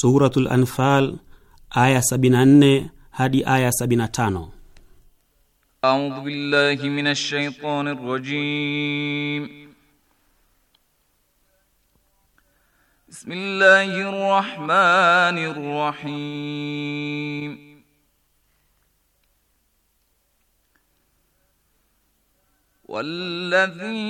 Suratul Anfal aya 74 hadi aya 75. A'udhu billahi minash shaitani rrajim. Bismillahir rahmanir rahim. والذين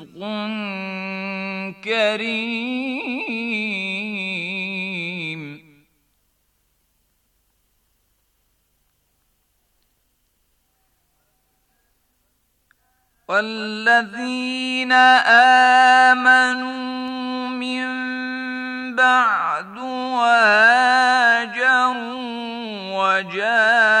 كريم والذين آمنوا من بعد وهاجروا وجاهدوا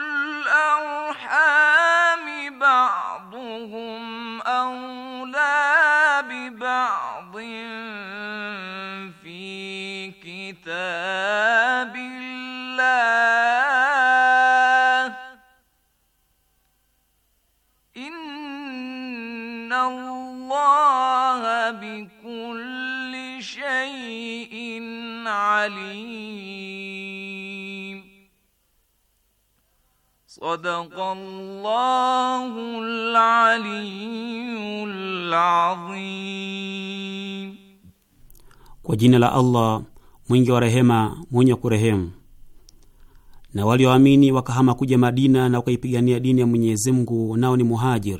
Kwa jina la Allah mwingi wa rehema mwenye kurehemu. Na walioamini wa wakahama kuja Madina na wakaipigania dini ya Mwenyezi Mungu, nao ni muhajir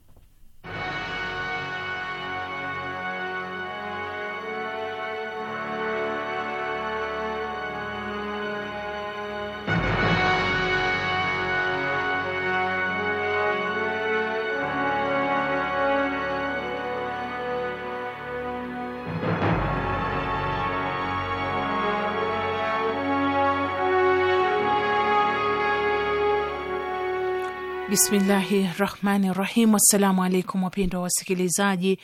Bismillahi rahmani rahim. Assalamu alaikum wapendo wa wasikilizaji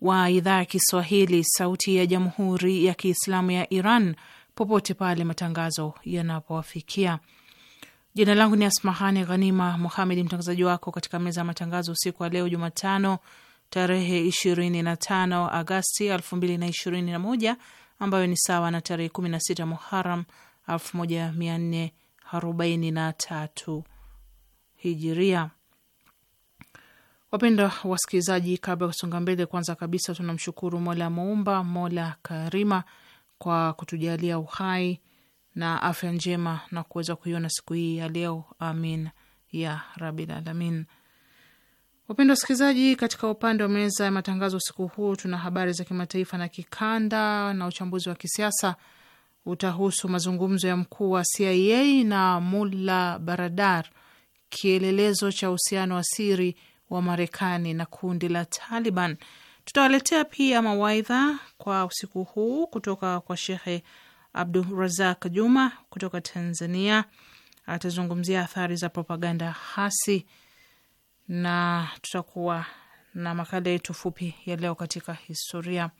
wa idhaa ya Kiswahili sauti ya jamhuri ya Kiislamu ya Iran popote pale matangazo yanapowafikia. Jina langu ni Asmahani Ghanima Muhamedi, mtangazaji wako katika meza ya matangazo usiku wa leo Jumatano tarehe 25 Agasti elfu ambayo ni sawa na tarehe 16 Muharam elfu hijiria. Wapenda wasikilizaji, kabla ya kusonga mbele, kwanza kabisa tunamshukuru Mola Muumba, Mola Karima, kwa kutujalia uhai na afya njema na kuweza kuiona siku hii ya leo. Amin ya rabil alamin. Wapendwa wasikilizaji, katika upande wa meza ya matangazo usiku huu tuna habari za kimataifa na kikanda, na uchambuzi wa kisiasa utahusu mazungumzo ya mkuu wa CIA na Mula Baradar kielelezo cha uhusiano wa siri wa Marekani na kundi la Taliban. Tutawaletea pia mawaidha kwa usiku huu kutoka kwa Shekhe Abdurazak Juma kutoka Tanzania. Atazungumzia athari za propaganda hasi, na tutakuwa na makala yetu fupi ya leo katika historia.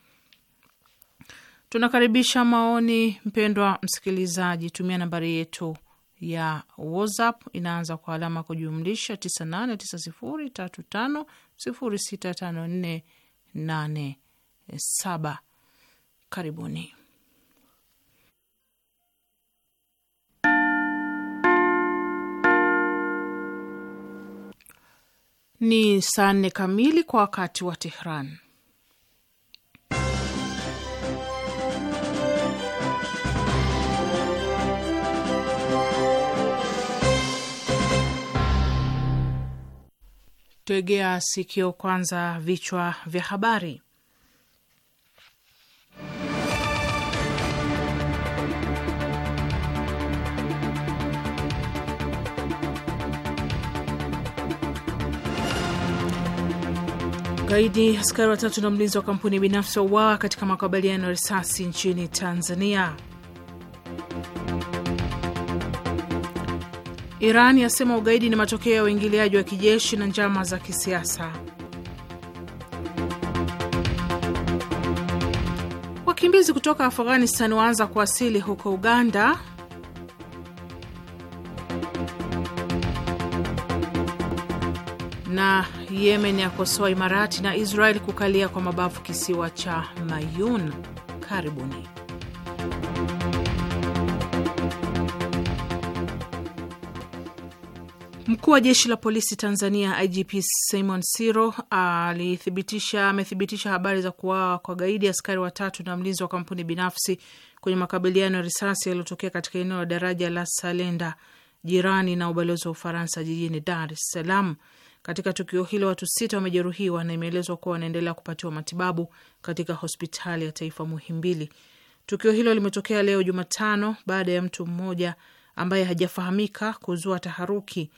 Tunakaribisha maoni, mpendwa msikilizaji, tumia nambari yetu ya WhatsApp inaanza kwa alama kujumlisha 989035065487. Karibuni. Ni saa nne kamili kwa wakati wa Tehran. Tegea sikio kwanza, vichwa vya habari. Gaidi, askari watatu na mlinzi wa kampuni binafsi wauawa katika makabiliano ya risasi nchini Tanzania. Iran yasema ugaidi ni matokeo ya uingiliaji wa kijeshi na njama za kisiasa. Wakimbizi kutoka Afghanistan waanza kuwasili huko Uganda. Na Yemen yakosoa Imarati na israel kukalia kwa mabavu kisiwa cha Mayun. Karibuni. Mkuu wa jeshi la polisi Tanzania, IGP Simon Siro alithibitisha amethibitisha habari za kuwawa kwa gaidi askari watatu na mlinzi wa kampuni binafsi kwenye makabiliano ya risasi yaliyotokea katika eneo la daraja la Salenda jirani na ubalozi wa Ufaransa jijini Dar es Salaam. Katika tukio hilo watu sita wamejeruhiwa na imeelezwa kuwa wanaendelea kupatiwa matibabu katika hospitali ya taifa Muhimbili. Tukio hilo limetokea leo Jumatano baada ya mtu mmoja ambaye hajafahamika kuzua taharuki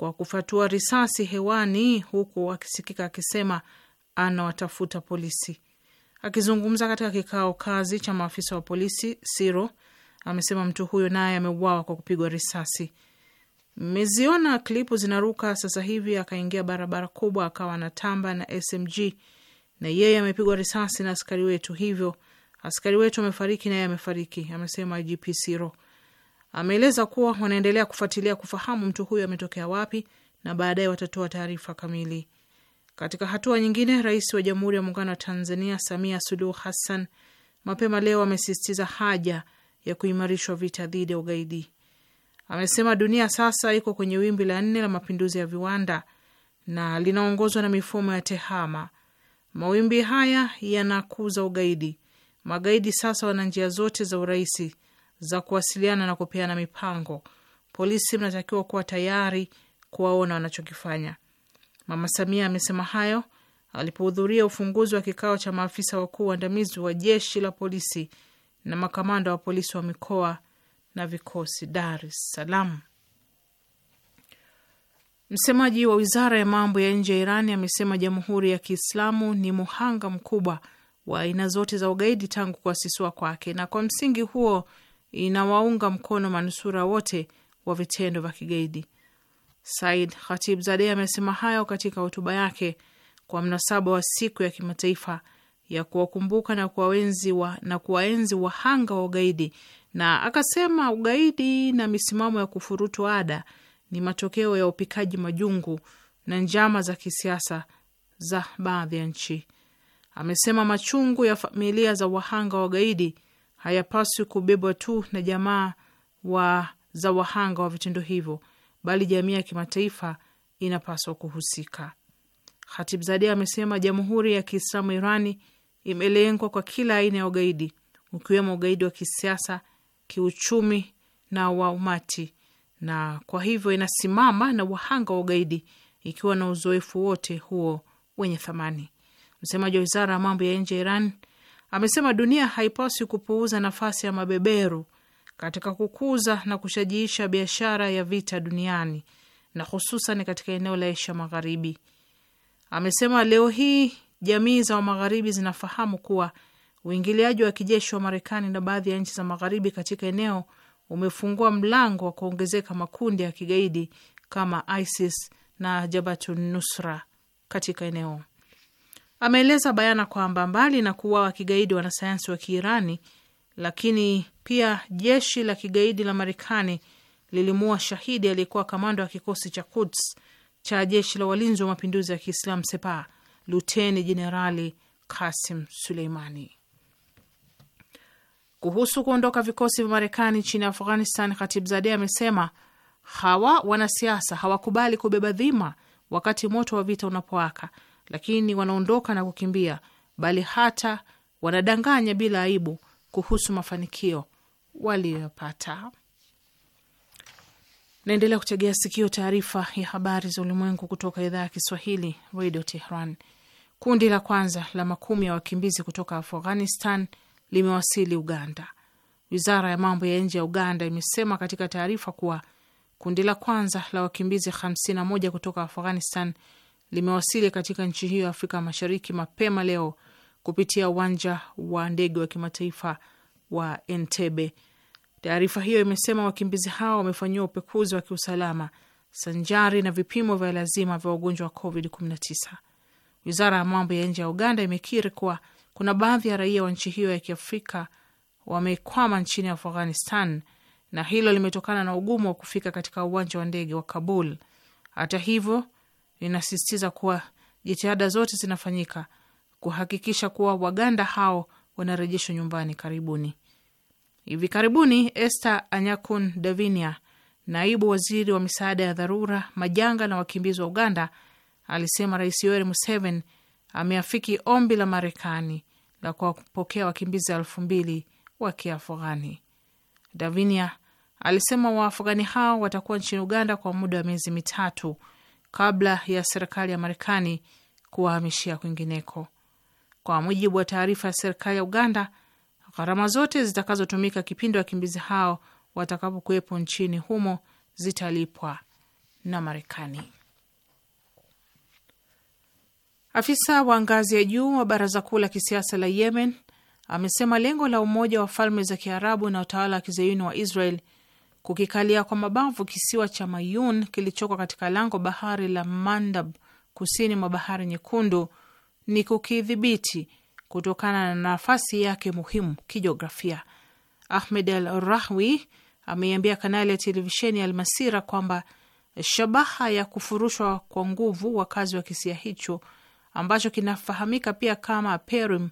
kwa kufatua risasi hewani, huku akisikika akisema anawatafuta polisi. Akizungumza katika kikao kazi cha maafisa wa polisi, Siro amesema mtu huyo naye ameuawa kwa kupigwa risasi. Mmeziona klipu zinaruka sasa hivi, akaingia barabara kubwa, akawa na tamba na SMG na yeye amepigwa risasi na askari wetu, hivyo askari wetu amefariki, naye amefariki, amesema IGP Siro. Ameeleza kuwa wanaendelea kufuatilia kufahamu mtu huyo ametokea wapi na baadaye watatoa taarifa kamili. Katika hatua nyingine, rais wa Jamhuri ya Muungano wa Tanzania Samia Suluhu Hassan mapema leo amesisitiza haja ya kuimarishwa vita dhidi ya ugaidi. Amesema dunia sasa iko kwenye wimbi la nne la mapinduzi ya viwanda na linaongozwa na mifumo ya tehama. Mawimbi haya yanakuza ugaidi. Magaidi sasa wana njia zote za urahisi za kuwasiliana na kupeana mipango. Polisi mnatakiwa kuwa tayari kuwaona wanachokifanya. Mama Samia amesema hayo alipohudhuria ufunguzi wa kikao cha maafisa wakuu waandamizi wa jeshi la polisi na makamanda wa polisi wa mikoa na vikosi Dar es Salaam. Msemaji wa wizara ya mambo ya nje ya Irani amesema Jamhuri ya Kiislamu ni muhanga mkubwa wa aina zote za ugaidi tangu kuasisiwa kwake, na kwa msingi huo inawaunga mkono manusura wote wa vitendo vya kigaidi. Said khatib zade amesema hayo katika hotuba yake kwa mnasaba wa siku ya kimataifa ya kuwakumbuka na kuwaenzi wa, na kuwaenzi wahanga wa ugaidi, na akasema ugaidi na misimamo ya kufurutu ada ni matokeo ya upikaji majungu na njama za kisiasa za baadhi ya nchi. Amesema machungu ya familia za wahanga wa ugaidi hayapaswi kubebwa tu na jamaa wa za wahanga wa vitendo hivyo, bali jamii ya kimataifa inapaswa kuhusika. zadi amesema Jamhuri ya Kiislamu Irani imelengwa kwa kila aina ya ugaidi, ukiwemo ugaidi wa kisiasa, kiuchumi na wa umati, na kwa hivyo inasimama na wahanga wa ugaidi ikiwa na uzoefu wote huo wenye thamani. Msemaji wa wizara ya mambo ya nje ya Iran amesema dunia haipaswi kupuuza nafasi ya mabeberu katika kukuza na kushajiisha biashara ya vita duniani na hususan katika eneo la Asia Magharibi. Amesema leo hii jamii za Wamagharibi zinafahamu kuwa uingiliaji wa kijeshi wa Marekani na baadhi ya nchi za Magharibi katika eneo umefungua mlango wa kuongezeka makundi ya kigaidi kama ISIS na jabatunusra Nusra katika eneo ameeleza bayana kwamba mbali na kuuawa kigaidi wanasayansi wa Kiirani, lakini pia jeshi la kigaidi la Marekani lilimuua shahidi aliyekuwa kamanda wa kikosi cha Kuds cha jeshi la walinzi wa mapinduzi ya Kiislam Sepa, luteni jenerali Kasim Suleimani. Kuhusu kuondoka vikosi vya Marekani nchini Afghanistan, Khatibzadeh amesema hawa wanasiasa hawakubali kubeba dhima wakati moto wa vita unapowaka lakini wanaondoka na kukimbia, bali hata wanadanganya bila aibu kuhusu mafanikio waliyopata. Naendelea kutegea sikio taarifa ya habari za ulimwengu kutoka idhaa ya Kiswahili, Radio Tehran. Kundi la kwanza la makumi ya wakimbizi kutoka Afghanistan limewasili Uganda. Wizara ya mambo ya nje ya Uganda imesema katika taarifa kuwa kundi la kwanza la wakimbizi 51 kutoka Afghanistan limewasili katika nchi hiyo ya Afrika Mashariki mapema leo kupitia uwanja wa ndege wa kimataifa wa Entebbe. Taarifa hiyo imesema wakimbizi hao wamefanyiwa upekuzi wa kiusalama sanjari na vipimo vya lazima vya ugonjwa wa COVID-19. Wizara ya mambo ya nje ya Uganda imekiri kuwa kuna baadhi ya raia wa nchi hiyo ya kiafrika wamekwama nchini Afghanistan, na hilo limetokana na ugumu wa kufika katika uwanja wa ndege wa Kabul. Hata hivyo linasisitiza kuwa jitihada zote zinafanyika kuhakikisha kuwa Waganda hao wanarejeshwa nyumbani karibuni. Hivi karibuni Esther Anyakun Davinia, naibu waziri wa misaada ya dharura, majanga na wakimbizi wa Uganda, alisema Rais Yoweri Museveni ameafiki ombi la Marekani la kuwapokea wakimbizi elfu mbili wa Kiafghani. Davinia alisema Waafghani hao watakuwa nchini Uganda kwa muda wa miezi mitatu kabla ya serikali ya Marekani kuwahamishia kwingineko. Kwa mujibu wa taarifa ya serikali ya Uganda, gharama zote zitakazotumika kipindi wakimbizi hao watakapokuwepo nchini humo zitalipwa na Marekani. Afisa wa ngazi ya juu wa baraza kuu la kisiasa la Yemen amesema lengo la Umoja wa Falme za Kiarabu na utawala wa kizayuni wa Israel kukikalia kwa mabavu kisiwa cha Mayun kilichoko katika lango bahari la Mandab kusini mwa bahari Nyekundu ni kukidhibiti kutokana na nafasi yake muhimu kijiografia. Ahmed Al Rahwi ameiambia kanali ya televisheni ya Almasira kwamba shabaha ya kufurushwa kwa nguvu wakazi wa kisia hicho ambacho kinafahamika pia kama Perim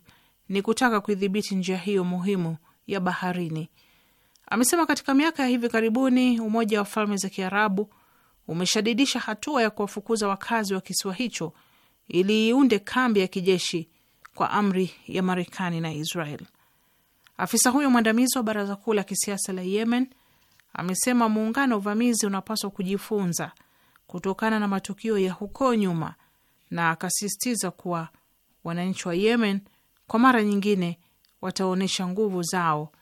ni kutaka kuidhibiti njia hiyo muhimu ya baharini. Amesema katika miaka ya hivi karibuni Umoja wa Falme za Kiarabu umeshadidisha hatua ya kuwafukuza wakazi wa kisiwa hicho ili iunde kambi ya kijeshi kwa amri ya Marekani na Israel. Afisa huyo mwandamizi wa baraza kuu la kisiasa la Yemen amesema muungano wa uvamizi unapaswa kujifunza kutokana na matukio ya huko nyuma, na akasisitiza kuwa wananchi wa Yemen kwa mara nyingine wataonyesha nguvu zao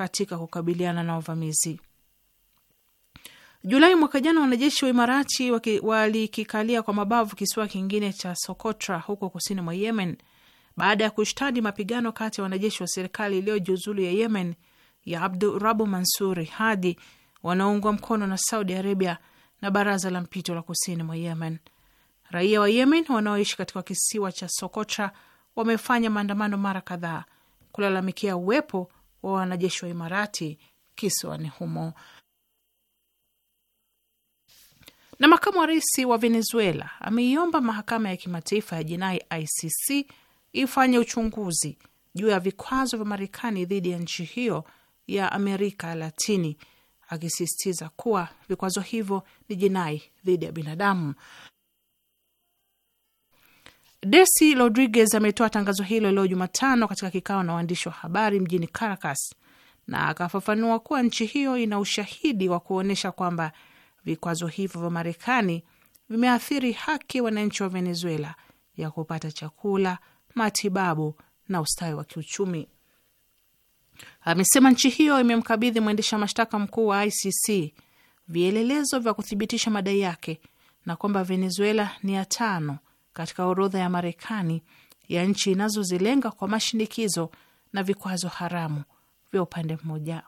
katika kukabiliana na uvamizi. Julai mwaka jana, wanajeshi wa Imarati walikikalia kwa mabavu kisiwa kingine cha Sokotra huko kusini mwa Yemen baada ya kushtadi mapigano kati ya wanajeshi wa serikali iliyojiuzulu ya Yemen ya Abdurabu Mansuri Hadi wanaoungwa mkono na Saudi Arabia na baraza la mpito la kusini mwa Yemen. Raia wa Yemen wanaoishi katika kisiwa cha Sokotra wamefanya maandamano mara kadhaa kulalamikia uwepo wa wanajeshi wa Imarati kisiwani humo. Na makamu wa rais wa Venezuela ameiomba mahakama ya kimataifa ya jinai ICC ifanye uchunguzi juu ya vikwazo vya Marekani dhidi ya nchi hiyo ya Amerika Latini, akisisitiza kuwa vikwazo hivyo ni jinai dhidi ya binadamu. Desi Rodriguez ametoa tangazo hilo leo Jumatano katika kikao na waandishi wa habari mjini Caracas na akafafanua kuwa nchi hiyo ina ushahidi wa kuonyesha kwamba vikwazo hivyo vya Marekani vimeathiri haki wananchi wa Venezuela ya kupata chakula, matibabu na ustawi wa kiuchumi. Amesema nchi hiyo imemkabidhi mwendesha mashtaka mkuu wa ICC vielelezo vya kuthibitisha madai yake na kwamba Venezuela ni ya tano katika orodha ya Marekani ya nchi inazozilenga kwa mashinikizo na vikwazo haramu vya upande mmoja.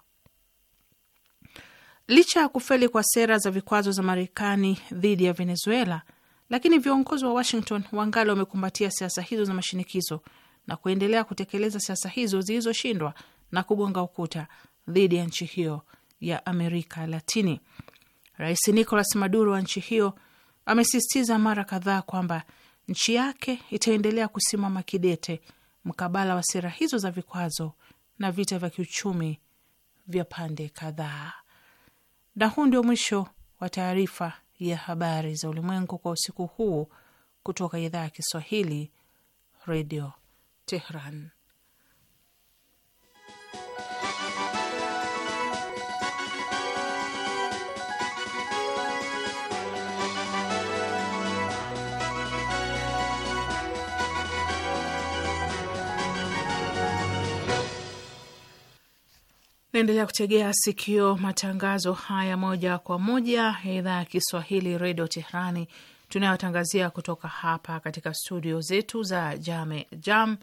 Licha ya kufeli kwa sera za vikwazo za Marekani dhidi ya Venezuela, lakini viongozi wa Washington wangali wamekumbatia siasa hizo za mashinikizo na kuendelea kutekeleza siasa hizo zilizoshindwa na kugonga ukuta dhidi ya nchi hiyo ya Amerika Latini. Rais Nicolas Maduro wa nchi hiyo amesisitiza mara kadhaa kwamba nchi yake itaendelea kusimama kidete mkabala wa sera hizo za vikwazo na vita vya kiuchumi vya pande kadhaa. Na huu ndio mwisho wa taarifa ya habari za ulimwengu kwa usiku huu kutoka idhaa ya Kiswahili, Redio Tehran. Naendelea kutegea sikio matangazo haya moja kwa moja ya idhaa ya Kiswahili redio Teherani tunayotangazia kutoka hapa katika studio zetu za Jame Jam.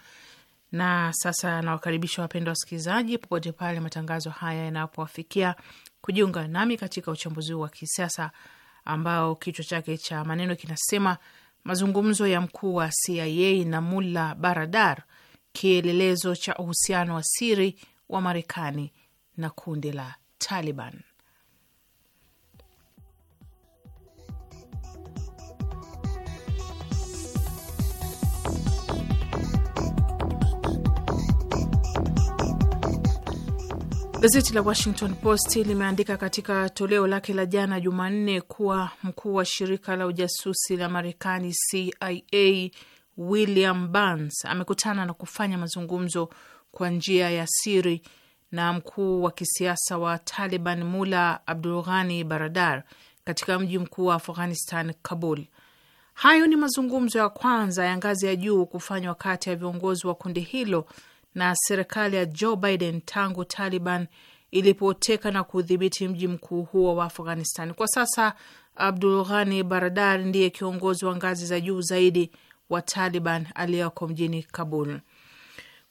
Na sasa nawakaribisha wapendwa wasikilizaji, popote pale matangazo haya yanapowafikia, kujiunga nami katika uchambuzi huu wa kisiasa ambao kichwa chake cha maneno kinasema mazungumzo ya mkuu wa CIA na Mula Baradar, kielelezo cha uhusiano wa siri wa Marekani na kundi la Taliban. Gazeti la Washington Post limeandika katika toleo lake la jana Jumanne kuwa mkuu wa shirika la ujasusi la Marekani CIA William Burns amekutana na kufanya mazungumzo kwa njia ya siri na mkuu wa kisiasa wa Taliban Mula Abdulghani Baradar katika mji mkuu wa Afghanistan, Kabul. Hayo ni mazungumzo ya kwanza ya ngazi ya juu kufanywa kati ya viongozi wa kundi hilo na serikali ya Joe Biden tangu Taliban ilipoteka na kudhibiti mji mkuu huo wa Afghanistan. Kwa sasa Abdul Ghani Baradar ndiye kiongozi wa ngazi za juu zaidi wa Taliban aliyoko mjini Kabul.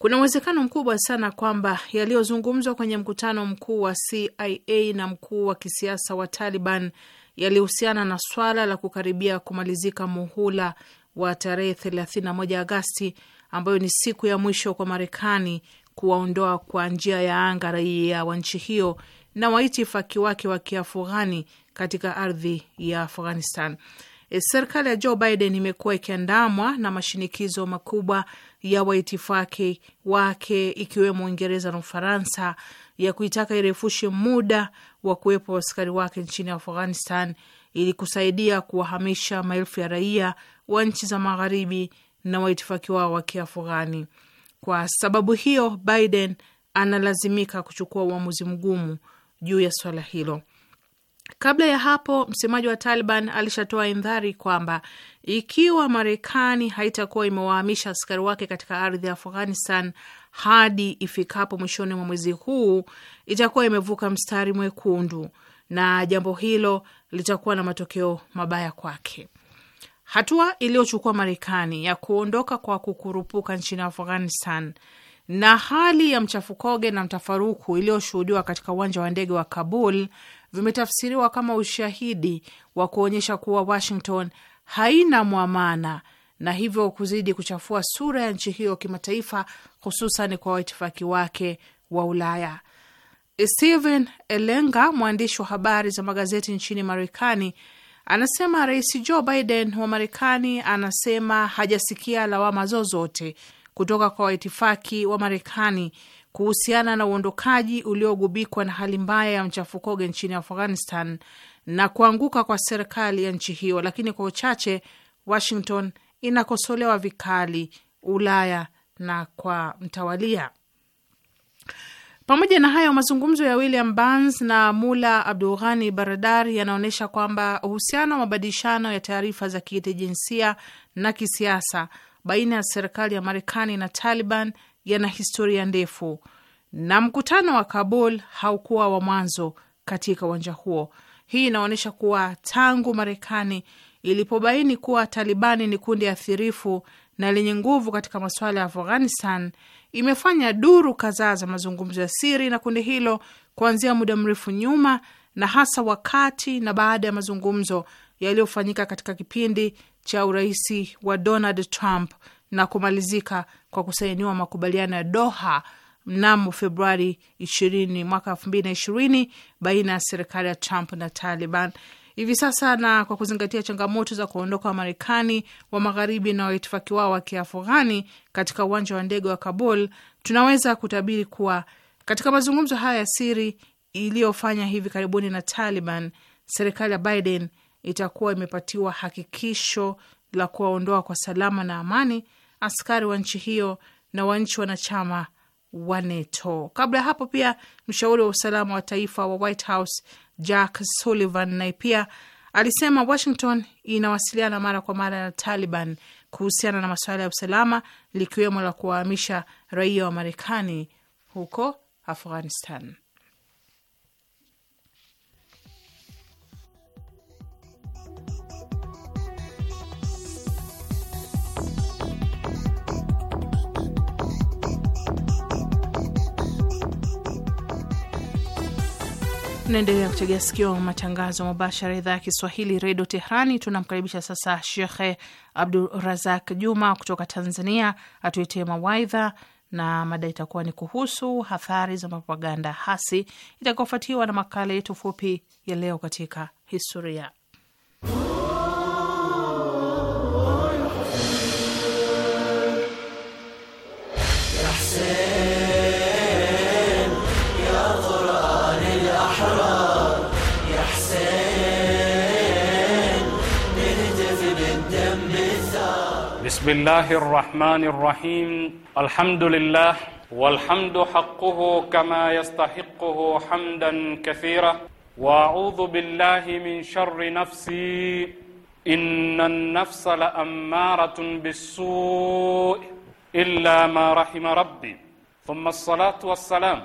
Kuna uwezekano mkubwa sana kwamba yaliyozungumzwa kwenye mkutano mkuu wa CIA na mkuu wa kisiasa wa Taliban yalihusiana na swala la kukaribia kumalizika muhula wa tarehe 31 Agasti, ambayo ni siku ya mwisho kwa Marekani kuwaondoa kwa njia ya anga raia wa nchi hiyo na waitifaki wake wa kiafughani katika ardhi ya Afghanistan. Eh, serikali ya Joe Biden imekuwa ikiandamwa na mashinikizo makubwa ya waitifaki wake ikiwemo Uingereza na Ufaransa ya kuitaka irefushe muda wa kuwepo askari wake nchini Afghanistan ili kusaidia kuwahamisha maelfu ya raia wa nchi za magharibi na waitifaki wao wa Kiafghani. Kwa sababu hiyo, Biden analazimika kuchukua uamuzi mgumu juu ya swala hilo. Kabla ya hapo msemaji wa Taliban alishatoa indhari kwamba ikiwa Marekani haitakuwa imewahamisha askari wake katika ardhi ya Afghanistan hadi ifikapo mwishoni mwa mwezi huu itakuwa imevuka mstari mwekundu na jambo hilo litakuwa na matokeo mabaya kwake. Hatua iliyochukua Marekani ya kuondoka kwa kukurupuka nchini Afghanistan na hali ya mchafukoge na mtafaruku iliyoshuhudiwa katika uwanja wa ndege wa Kabul vimetafsiriwa kama ushahidi wa kuonyesha kuwa Washington haina mwamana na hivyo kuzidi kuchafua sura ya nchi hiyo kimataifa, hususan kwa waitifaki wake wa Ulaya. Steven Elenga, mwandishi wa habari za magazeti nchini Marekani, anasema Rais Joe Biden wa Marekani anasema hajasikia lawama zozote kutoka kwa waitifaki wa Marekani kuhusiana na uondokaji uliogubikwa na hali mbaya ya mchafukoge nchini Afghanistan na kuanguka kwa serikali ya nchi hiyo, lakini kwa uchache Washington inakosolewa vikali Ulaya na kwa mtawalia. Pamoja na hayo, mazungumzo ya William Burns na Mula Abdulghani Baradar yanaonyesha kwamba uhusiano wa mabadilishano ya taarifa za kiintelijensia na kisiasa baina ya serikali ya Marekani na Taliban yana historia ndefu na mkutano wa Kabul haukuwa wa mwanzo katika uwanja huo. Hii inaonyesha kuwa tangu Marekani ilipobaini kuwa Talibani ni kundi athirifu na lenye nguvu katika masuala ya Afghanistan, imefanya duru kadhaa za mazungumzo ya siri na kundi hilo kuanzia muda mrefu nyuma, na hasa wakati na baada ya mazungumzo yaliyofanyika katika kipindi cha uraisi wa Donald Trump na kumalizika kwa kusainiwa makubaliano ya Doha mnamo Februari ishirini mwaka elfu mbili na ishirini baina ya serikali ya Trump na Taliban. Hivi sasa na kwa kuzingatia changamoto za kuondoka Wamarekani wa magharibi na waitifaki wao wa kiafghani katika uwanja wa ndege wa Kabul, tunaweza kutabiri kuwa katika mazungumzo haya ya siri iliyofanya hivi karibuni na Taliban, serikali ya Biden itakuwa imepatiwa hakikisho la kuwaondoa kwa salama na amani askari wa nchi hiyo na wa nchi wanachama wa NATO. Kabla ya hapo pia mshauri wa usalama wa taifa wa White House Jack Sullivan naye pia alisema Washington inawasiliana mara kwa mara na Taliban kuhusiana na masuala ya usalama, likiwemo la kuwahamisha raia wa Marekani huko Afghanistan. Naendelea kutegea sikio matangazo mubashara idhaa ya Kiswahili redio Tehrani. Tunamkaribisha sasa Shekhe Abdul Razak Juma kutoka Tanzania atuetee mawaidha na mada itakuwa ni kuhusu hathari za mapaganda hasi, itakaofuatiwa na makala yetu fupi ya leo katika historia. بسم الله الرحمن الرحيم الحمد لله والحمد حقه كما يستحقه حمدا كثيرا واعوذ بالله من شر نفسي ان النفس لاماره بالسوء الا ما رحم ربي ثم الصلاه والسلام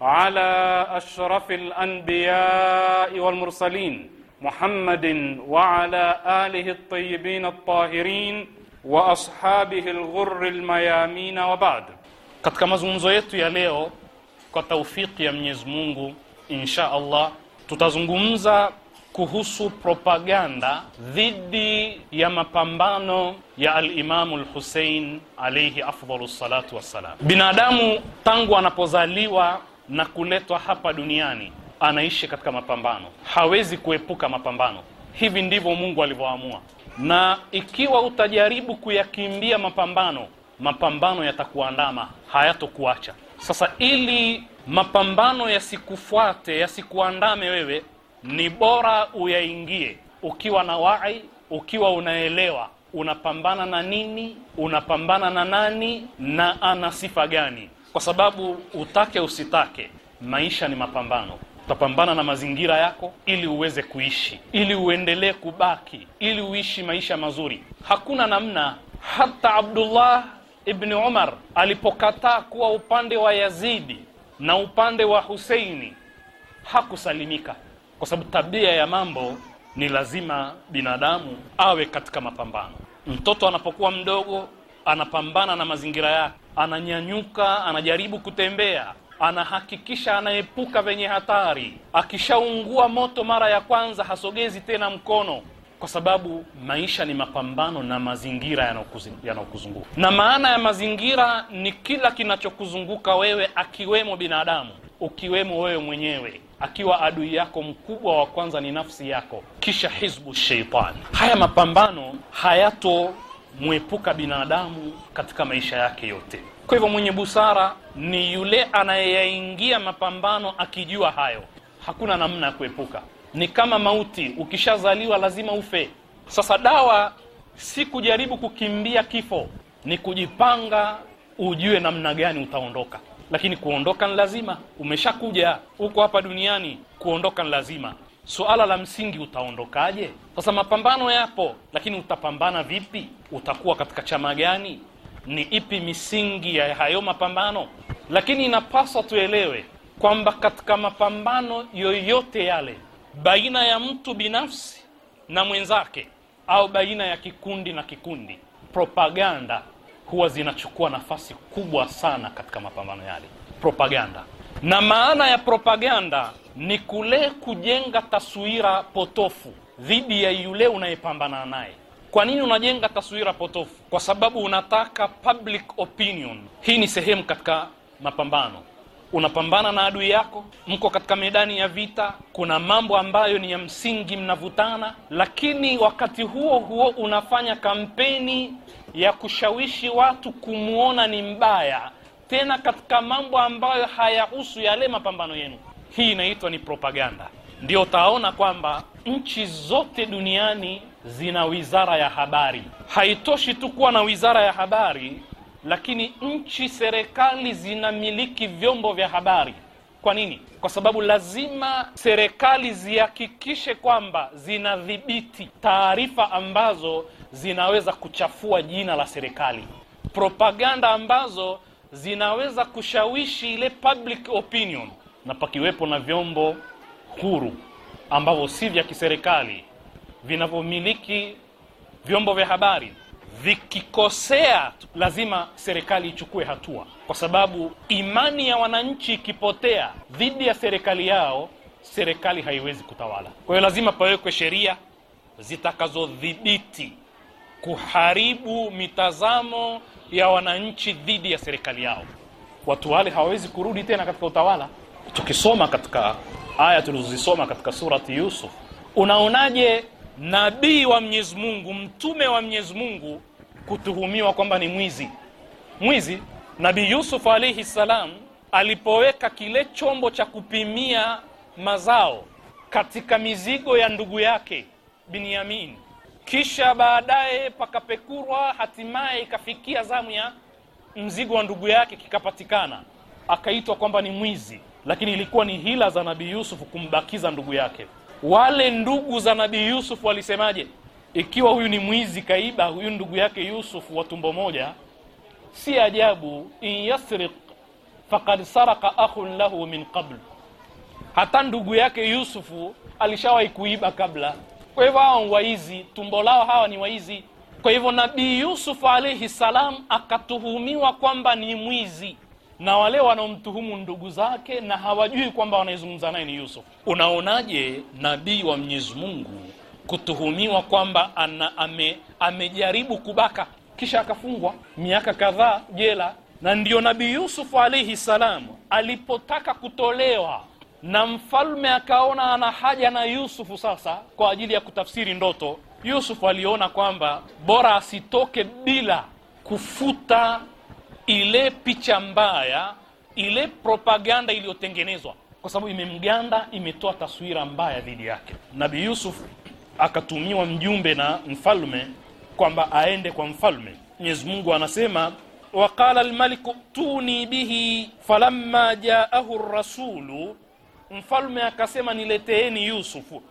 على اشرف الانبياء والمرسلين محمد وعلى اله الطيبين الطاهرين wa ashabihi lghurri lmayamina wa Katika mazungumzo yetu ya leo, kwa taufiki ya Mwenyezi Mungu, insha Allah, tutazungumza kuhusu propaganda dhidi ya mapambano ya alimamu lhusein alaihi afdalu salatu wassalam. Binadamu tangu anapozaliwa na kuletwa hapa duniani anaishi katika mapambano, hawezi kuepuka mapambano. Hivi ndivyo Mungu alivyoamua, na ikiwa utajaribu kuyakimbia mapambano, mapambano yatakuandama, hayatokuacha. Sasa ili mapambano yasikufuate, yasikuandame wewe, ni bora uyaingie ukiwa na wai, ukiwa unaelewa unapambana na nini, unapambana na nani na ana sifa gani, kwa sababu utake usitake, maisha ni mapambano utapambana na mazingira yako ili uweze kuishi, ili uendelee kubaki, ili uishi maisha mazuri. Hakuna namna. Hata Abdullah ibni Umar alipokataa kuwa upande wa Yazidi na upande wa Huseini hakusalimika, kwa sababu tabia ya mambo ni lazima binadamu awe katika mapambano. Mtoto anapokuwa mdogo anapambana na mazingira yake, ananyanyuka, anajaribu kutembea anahakikisha anaepuka venye hatari. Akishaungua moto mara ya kwanza hasogezi tena mkono, kwa sababu maisha ni mapambano na mazingira yanayokuzunguka. Na maana ya mazingira ni kila kinachokuzunguka wewe, akiwemo binadamu, ukiwemo wewe mwenyewe, akiwa adui yako mkubwa wa kwanza ni nafsi yako, kisha hizbu sheitani. Haya mapambano hayatomwepuka binadamu katika maisha yake yote. Kwa hivyo mwenye busara ni yule anayeyaingia mapambano akijua hayo, hakuna namna ya kuepuka. Ni kama mauti, ukishazaliwa lazima ufe. Sasa dawa si kujaribu kukimbia kifo, ni kujipanga, ujue namna gani utaondoka. Lakini kuondoka ni lazima, umeshakuja huko hapa duniani, kuondoka ni lazima. Suala la msingi utaondokaje? Sasa mapambano yapo, lakini utapambana vipi? Utakuwa katika chama gani? ni ipi misingi ya hayo mapambano, lakini inapaswa tuelewe kwamba katika mapambano yoyote yale baina ya mtu binafsi na mwenzake au baina ya kikundi na kikundi, propaganda huwa zinachukua nafasi kubwa sana katika mapambano yale. Propaganda na maana ya propaganda ni kule kujenga taswira potofu dhidi ya yule unayepambana naye. Kwa nini unajenga taswira potofu? Kwa sababu unataka public opinion. Hii ni sehemu katika mapambano, unapambana na adui yako, mko katika medani ya vita, kuna mambo ambayo ni ya msingi, mnavutana, lakini wakati huo huo unafanya kampeni ya kushawishi watu kumwona ni mbaya, tena katika mambo ambayo hayahusu yale mapambano yenu. Hii inaitwa ni propaganda. Ndio utaona kwamba nchi zote duniani zina wizara ya habari. Haitoshi tu kuwa na wizara ya habari, lakini nchi, serikali zinamiliki vyombo vya habari. Kwa nini? Kwa sababu lazima serikali zihakikishe kwamba zinadhibiti taarifa ambazo zinaweza kuchafua jina la serikali, propaganda ambazo zinaweza kushawishi ile public opinion, na pakiwepo na vyombo huru ambavyo si vya kiserikali vinavyomiliki vyombo vya habari vikikosea, lazima serikali ichukue hatua, kwa sababu imani ya wananchi ikipotea dhidi ya serikali yao, serikali haiwezi kutawala. Kwa hiyo lazima pawekwe sheria zitakazodhibiti kuharibu mitazamo ya wananchi dhidi ya serikali yao. Watu wale hawawezi kurudi tena katika utawala. Tukisoma katika aya tulizozisoma katika surati Yusuf, unaonaje nabii wa Mwenyezi Mungu, mtume wa Mwenyezi Mungu kutuhumiwa kwamba ni mwizi. Mwizi Nabii Yusuf alaihi salam alipoweka kile chombo cha kupimia mazao katika mizigo ya ndugu yake Binyamin, kisha baadaye pakapekurwa, hatimaye ikafikia zamu ya mzigo wa ndugu yake kikapatikana, akaitwa kwamba ni mwizi, lakini ilikuwa ni hila za Nabii Yusuf kumbakiza ndugu yake wale ndugu za nabii Yusuf walisemaje? Ikiwa huyu ni mwizi kaiba, huyu ndugu yake Yusuf wa tumbo moja, si ajabu in yasriq faqad saraka akhun lahu min qabl, hata ndugu yake Yusufu alishawahi kuiba kabla. Kwa hivyo hawa waizi tumbo lao, hawa ni waizi. Kwa hivyo nabii Yusuf alaihi salam akatuhumiwa kwamba ni mwizi na wale wanaomtuhumu ndugu zake na hawajui kwamba wanaezungumza naye ni Yusuf. Unaonaje nabii wa Mwenyezi Mungu kutuhumiwa kwamba ana, ame, amejaribu kubaka kisha akafungwa miaka kadhaa jela? Na ndiyo nabii Yusuf alaihi salam alipotaka kutolewa na mfalme akaona ana haja na Yusufu sasa kwa ajili ya kutafsiri ndoto. Yusufu aliona kwamba bora asitoke bila kufuta ile picha mbaya, ile propaganda iliyotengenezwa, kwa sababu imemganda, imetoa taswira mbaya dhidi yake. nabi Yusuf akatumiwa mjumbe na mfalme kwamba aende kwa mfalme. Mwenyezi Mungu anasema waqala almaliku tuni bihi falamma jaahu rasulu, mfalme akasema nileteeni Yusufu.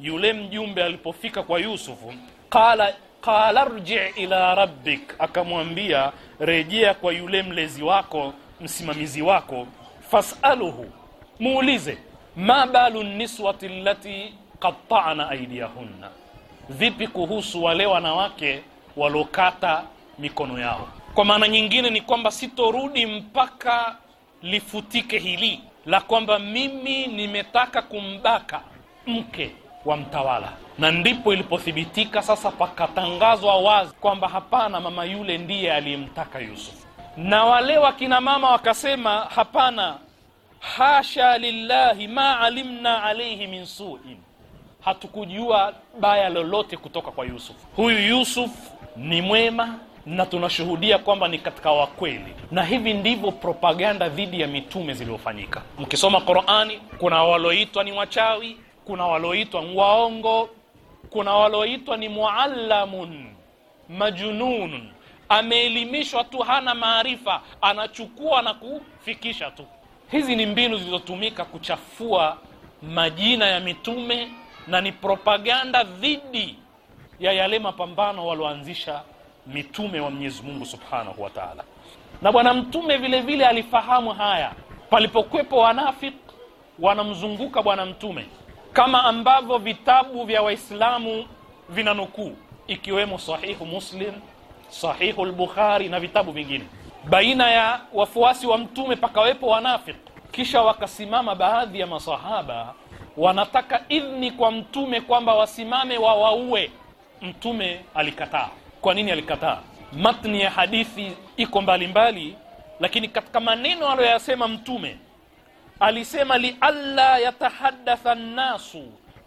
Yule mjumbe alipofika kwa Yusufu, qala qala rji ila rabbik akamwambia rejea kwa yule mlezi wako msimamizi wako fasaluhu muulize ma balu niswati allati qatta'na aydiyahunna vipi kuhusu wale wanawake walokata mikono yao kwa maana nyingine ni kwamba sitorudi mpaka lifutike hili la kwamba mimi nimetaka kumbaka mke wa mtawala na ndipo ilipothibitika sasa, pakatangazwa wazi kwamba hapana, mama yule ndiye aliyemtaka Yusuf. Na wale wakina mama wakasema hapana, hasha lillahi ma alimna alaihi min suin, hatukujua baya lolote kutoka kwa Yusuf. Huyu Yusuf ni mwema na tunashuhudia kwamba ni katika wakweli, na hivi ndivyo propaganda dhidi ya mitume zilizofanyika. Mkisoma Qurani kuna waloitwa ni wachawi, kuna waloitwa waongo kuna waloitwa ni muallamun majunun ameelimishwa tu hana maarifa anachukua na kufikisha tu hizi ni mbinu zilizotumika kuchafua majina ya mitume na ni propaganda dhidi ya yale mapambano walioanzisha mitume wa Mwenyezi Mungu Subhanahu wa Ta'ala. Na bwana mtume vile vile alifahamu haya. Palipokwepo wanafiki wanamzunguka bwana mtume, kama ambavyo vitabu vya Waislamu vinanukuu ikiwemo Sahihu Muslim, Sahihu lbukhari na vitabu vingine. Baina ya wafuasi wa Mtume pakawepo wanafiq kisha wakasimama baadhi ya masahaba wanataka idhni kwa Mtume kwamba wasimame wawaue. Mtume alikataa. Kwa nini alikataa? Matni ya hadithi iko mbalimbali, lakini katika maneno aliyoyasema Mtume alisema lialla yatahadatha nnasu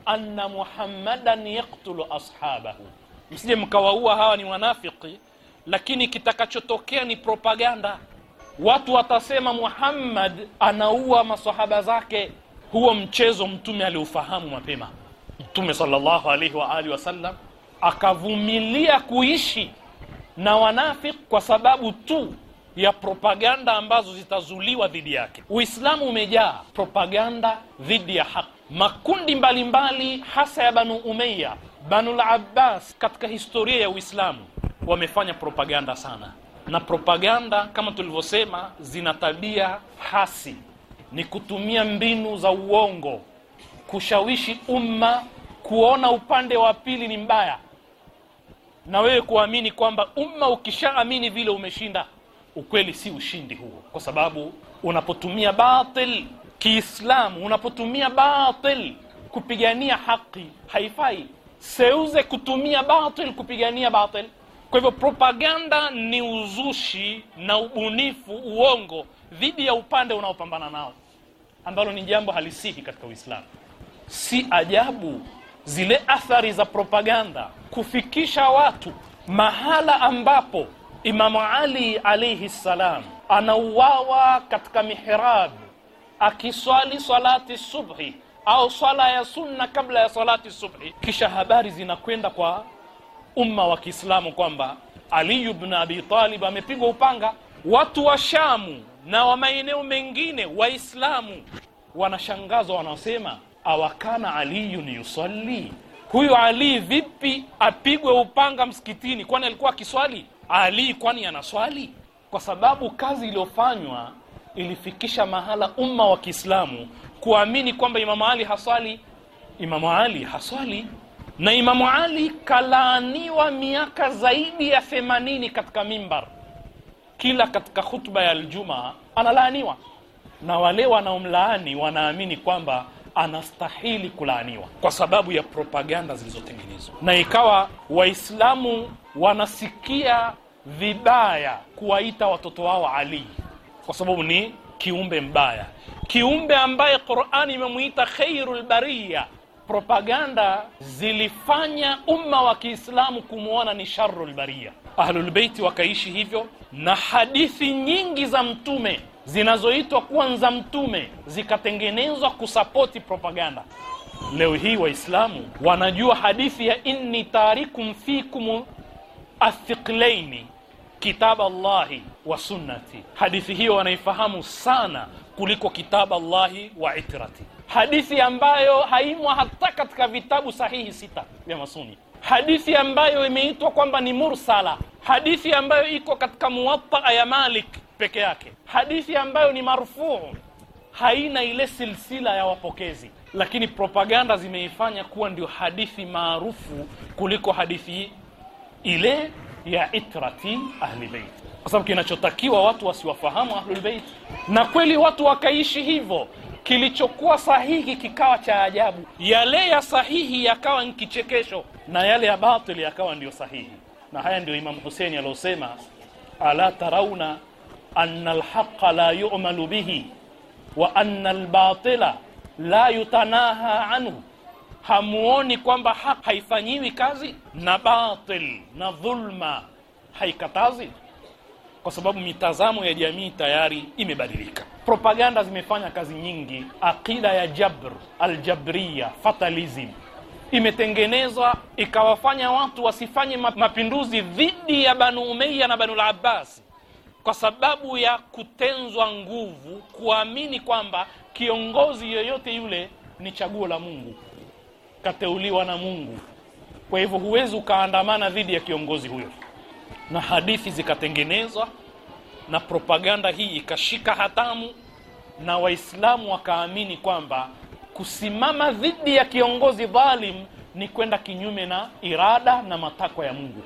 anna muhammadan yaktulu ashabahu msije mkawaua hawa ni wanafiki lakini kitakachotokea ni propaganda watu watasema muhammad anaua masahaba zake huo mchezo mtume aliufahamu mapema mtume salllahu alaihi alihi wasallam akavumilia kuishi na wanafiki kwa sababu tu ya propaganda ambazo zitazuliwa dhidi yake. Uislamu umejaa propaganda dhidi ya haki. Makundi mbalimbali mbali, hasa ya Banu Umeya, Banul Abbas, katika historia ya Uislamu wamefanya propaganda sana, na propaganda kama tulivyosema, zina tabia hasi, ni kutumia mbinu za uongo kushawishi umma kuona upande wa pili ni mbaya, na wewe kuamini kwamba umma ukishaamini vile umeshinda ukweli si ushindi huo, kwa sababu unapotumia batil Kiislamu, unapotumia batil kupigania haki haifai. Seuze kutumia batil kupigania batil. Kwa hivyo propaganda ni uzushi na ubunifu uongo dhidi ya upande unaopambana nao, ambalo ni jambo halisihi katika Uislamu. Si ajabu zile athari za propaganda kufikisha watu mahala ambapo Imamu Ali alayhi salam anauawa katika mihrab akiswali salati subhi au swala ya sunna kabla ya salati subhi. Kisha habari zinakwenda kwa umma wa Kiislamu kwamba Ali ibn Abi Talib amepigwa upanga. Watu wa Shamu na wa maeneo mengine Waislamu wanashangazwa, wanasema awakana aliyun yusalli, huyu Ali vipi apigwe upanga msikitini? Kwani alikuwa akiswali? Ali kwani anaswali? Kwa sababu kazi iliyofanywa ilifikisha mahala umma wa Kiislamu kuamini kwamba Imamu Ali haswali. Imamu Ali haswali, na Imamu Ali kalaaniwa miaka zaidi ya themanini katika mimbar, kila katika khutba ya aljuma analaaniwa, na wale wanaomlaani wanaamini kwamba anastahili kulaaniwa kwa sababu ya propaganda zilizotengenezwa, na ikawa Waislamu wanasikia vibaya kuwaita watoto wao Ali kwa sababu ni kiumbe mbaya, kiumbe ambaye Qur'ani imemwita khairul bariya. Propaganda zilifanya umma wa Kiislamu kumwona ni sharrul bariya. Ahlul Bait wakaishi hivyo, na hadithi nyingi za mtume zinazoitwa kwanza mtume zikatengenezwa kusapoti propaganda. Leo hii Waislamu wanajua hadithi ya inni tarikum fikum athiqlaini kitab Allahi wa sunnati. Hadithi hiyo wanaifahamu sana kuliko kitab Allahi wa itrati, hadithi ambayo haimwa hata katika vitabu sahihi sita vya masuni, hadithi ambayo imeitwa kwamba ni mursala, hadithi ambayo iko katika muwatta ya Malik peke yake, hadithi ambayo ni marfuu, haina ile silsila ya wapokezi lakini propaganda zimeifanya kuwa ndio hadithi maarufu kuliko hadithi ile ya itrati ahli bait, kwa sababu kinachotakiwa watu wasiwafahamu ahlulbeit bait, na kweli watu wakaishi hivyo. Kilichokuwa sahihi kikawa cha ajabu, yale ya sahihi yakawa ni kichekesho, na yale ya batili yakawa ndiyo sahihi. Na haya ndio Imamu Huseini aliosema ala tarauna anna lhaqa la yu'malu bihi wa anna lbatila la yutanaha anhu hamuoni kwamba haki haifanyiwi kazi na batil na dhulma haikatazi kwa sababu mitazamo ya jamii tayari imebadilika propaganda zimefanya kazi nyingi aqida ya jabr aljabriya fatalism imetengenezwa ikawafanya watu wasifanye mapinduzi dhidi ya banu umeya na banu Labbas kwa sababu ya kutenzwa nguvu kuamini kwamba kiongozi yoyote yule ni chaguo la mungu kateuliwa na Mungu. Kwa hivyo huwezi ukaandamana dhidi ya kiongozi huyo, na hadithi zikatengenezwa na propaganda hii ikashika hatamu, na Waislamu wakaamini kwamba kusimama dhidi ya kiongozi dhalim ni kwenda kinyume na irada na matakwa ya Mungu.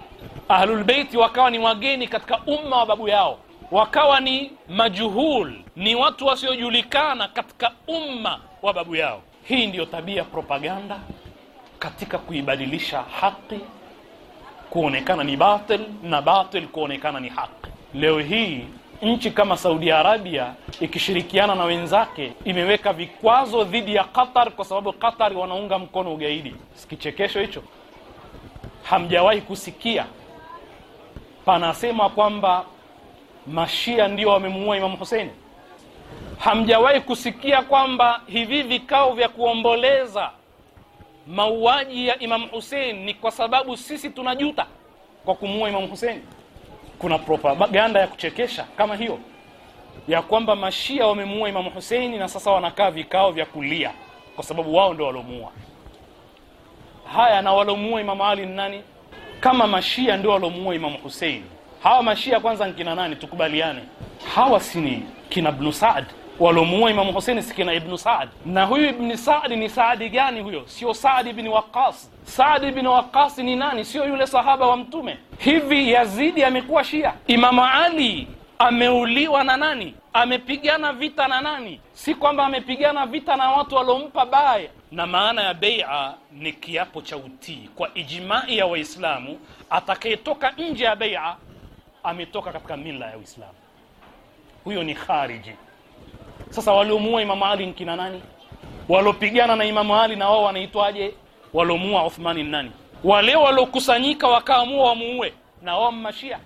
Ahlulbeiti wakawa ni wageni katika umma wa babu yao, wakawa ni majuhul, ni watu wasiojulikana katika umma wa babu yao. Hii ndiyo tabia propaganda katika kuibadilisha haki kuonekana ni batil na batil kuonekana ni haki. Leo hii nchi kama Saudi Arabia ikishirikiana na wenzake imeweka vikwazo dhidi ya Qatar kwa sababu Qatar wanaunga mkono ugaidi. Sikichekesho hicho? Hamjawahi kusikia panasema kwamba mashia ndio wamemuua Imamu husein Hamjawahi kusikia kwamba hivi vikao vya kuomboleza mauaji ya Imam Hussein ni kwa sababu sisi tunajuta kwa kumuua Imam Hussein. Kuna propaganda ya kuchekesha kama hiyo ya kwamba mashia wamemuua Imam Hussein na sasa wanakaa vikao vya kulia kwa sababu wao ndio walomuua. Haya, na walomuua Imam Ali ni nani? Kama mashia ndio walomuua Imam Hussein, hawa mashia kwanza nkina nani? Tukubaliane, hawa si ni kina Ibn Saad walomuua Imamu huseni sikina Ibnu Saadi. Na huyu Ibni Saadi ni Saadi gani huyo? Sio Saadi ibni Waqas. Saadi ibni Waqas ni nani? Sio yule sahaba wa Mtume. Hivi Yazidi amekuwa Shia? Imamu Ali ameuliwa na nani? Amepigana vita na nani? Si kwamba amepigana vita na watu waliompa baya. Na maana ya beia ni kiapo cha utii kwa ijmai ya Waislamu. Atakayetoka nje ya beia ametoka katika mila ya Uislamu, huyo ni khariji. Sasa waliomuua Imamu Ali nkina nani? Walopigana na Imamu Ali na wao wanaitwaje? Waliomuua Uthmani nani? Wale waliokusanyika wakaamua wamuue na wao Mashia.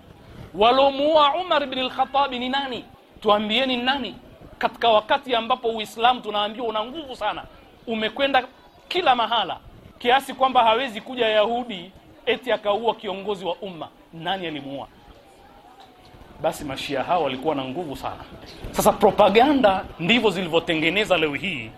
Waliomuua Umar bin lkhatabi ni nani? Tuambieni nani? Katika wakati ambapo Uislamu tunaambiwa una nguvu sana, umekwenda kila mahala, kiasi kwamba hawezi kuja Yahudi eti akaua kiongozi wa umma. Nani alimuua? basi mashia hao walikuwa na nguvu sana. Sasa propaganda ndivyo zilivyotengeneza leo hii,